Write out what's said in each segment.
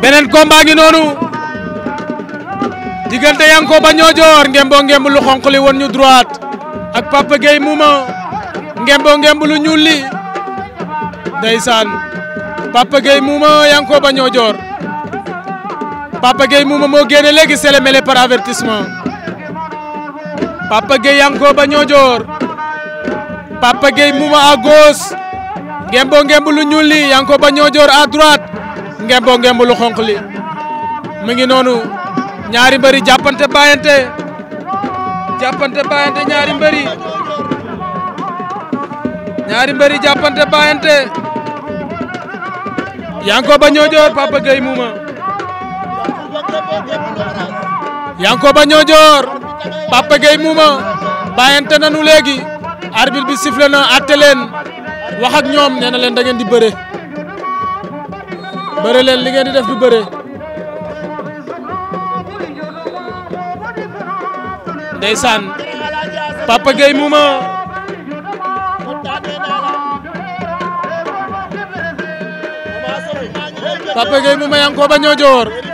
beneen combat ngi noonu diggante Yankoba Niodior ngembo ngemb lu xonq li won ñu droite ak Papa Gueye Mouma lu ñuul li ndeysaan Papa Gueye Mouma Yankoba Niodior Papa Gueye Mouma moo génne léegi c'est le mêlé par avertissement Papa Gueye Yankoba Niodior Papa Gueye Mouma à gauche ngembo ngemb lu ñuul li Yankoba Niodior à droite ngembo ngemb lu xonq li mu ngi noonu ñaari mbëri jàppante bàyyante jàppante bàyyante ñaari mbëri ñaari mbëri jàppante bàyyante Yankoba Niodior Papa Gueye Mouma Yankoba Niodior Papa Gueye Mouma bàyyante nañu léegi arbitre bi sifflé na àtte leen wax ak ñoom nee na di bëre bëre leen li ngeen di def du bëre ndeysaan Papa Gueye Mouma Papa Gueye Mouma yaa ngi ko ba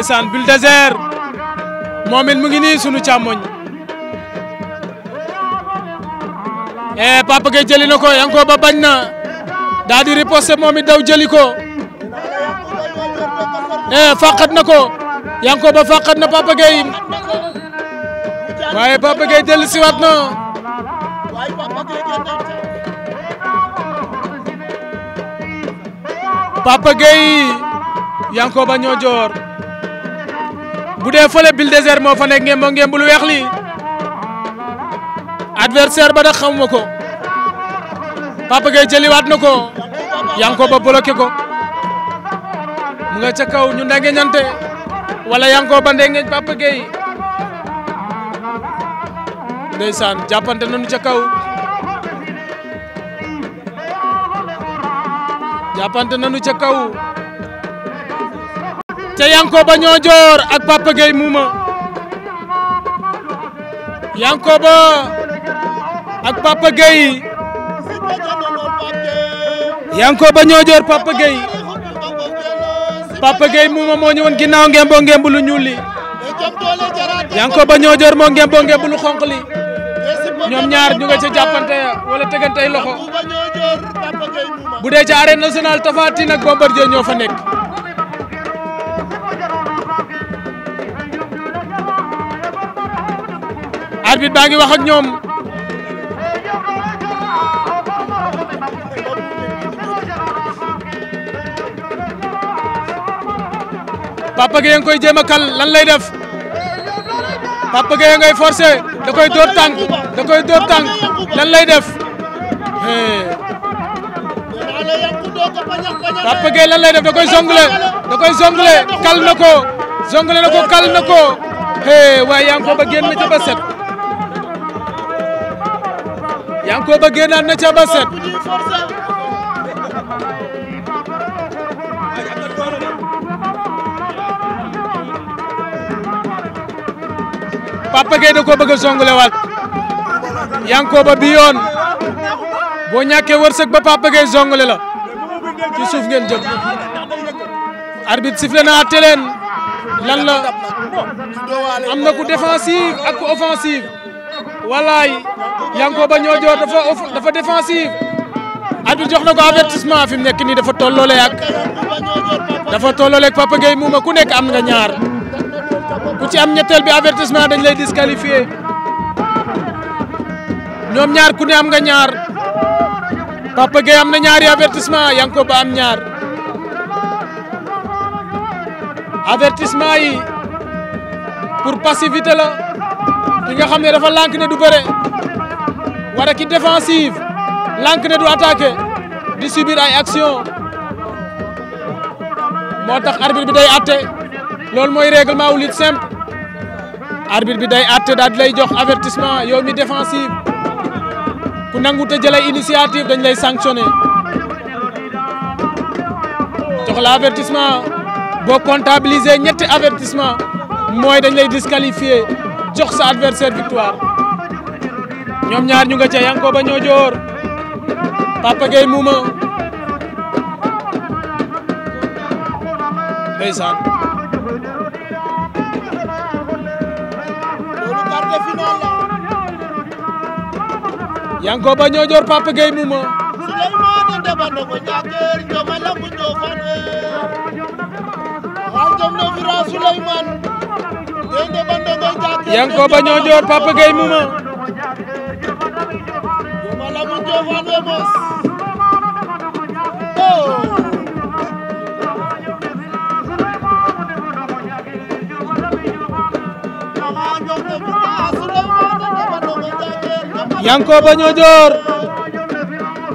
ndeysaan Bulldozer moom it mu ngi nii sunu càmmoñ eh jëli na ko Yankoba ba bañ na daal di riposte moom daw jëli ko eh fàqat na ko Yankoba fàqat na Papa waaye Papa Gueye dellu na Papa Gueye Yankoba ñoo joor bu dee fële Bulldozer moo fa nekk ngeen moo ngeen bul weex lii adversaire ba nag xamuma ko Papa Gueye jëliwaat na ko Yankoba bloqué ko mu nga ca kaw ñu ndenge ñante wala Yankoba ndenge Papa Gueye ndeysaan jàppante nañu ca kaw jàppante nañu ca kaw ca Yankoba Niodior ak Papa Gueye Mouma Yankoba ak Papa Gueye Yankoba Niodior Papa Gueye Papa Gueye Mouma moo ñëwoon ginnaaw ngembo ngemb lu ñuul li Yankoba Niodior moo ngembo ngemb lu xonq li ñoom ñaar ñu nga ca jàppante wala tegantey loxo bu dee ca arène nationale Tapha Tine ak Bombardier ñoo fa nekk arbitre baa ngi wax ñoom Papa Gueye nga koy jéem a kal lan lay def Papa Gueye ngay forcé da koy dóor tànk da koy dóor tànk lan lay def Papa Gueye lan lay def da koy jongle da koy jongle kal na ko jongle na ko kal na ko waaye yaa ngi ko ba génn ca ba set Yankoba bëggee naan na ca ba set Papa Gueye da koo bëgg a songulewaat Yankoba bi yoon boo ñàkkee wërsëg ba Papa Gueye zongule la ci suuf ngeen jëm arbitre sifflé na àtte leen lan am na ku défensive ak ku offensive wallaay Yankoba Niodior dafa dafa défensive. Abdou jox na ko avertissement fi mu nekk nii dafa tolloole ak dafa tolloole ak Papa muuma ku nekk am nga ñaar ku ci am ñetteel bi avertissement dañ lay disqualifié ñoom ñaar ku ne am nga ñaar Papa am na ñaari avertissement Yankoba am ñaar avertissement yi pour passivité la. ki nga xam ne dafa lànk ne du bëre wala ki défensive lànk ne du attaqué di subir ay action moo tax arbitre bi day atte lool mooy règlement wu lutte simple arbitre bi day atte daal lay jox avertissement yow mi défensive ku nangu te jëlay initiative dañ lay sanctionné jox la avertissement boo comptabiliser ñetti avertissement mooy dañ lay disqualifié jox sa adversaire victoire ñoom ñaar ñu nga ca Yankoba Niodior Papa Gueye Mouma ndeysaan loolu quart de finale la Yankoba Niodior Papa Gueye Mouma Souleymane Ndebane ko ñakeer joma lambu Ndofane ha jom no vira Souleymane Yankoba Niodior Papa Gueye Mouma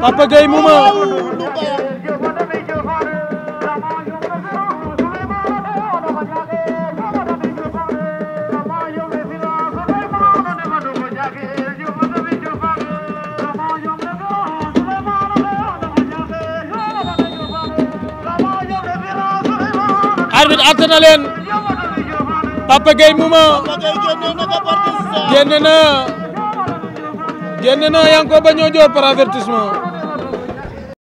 Papa Gueye Mouma arbitre atte na leen Papa Gueye Mouma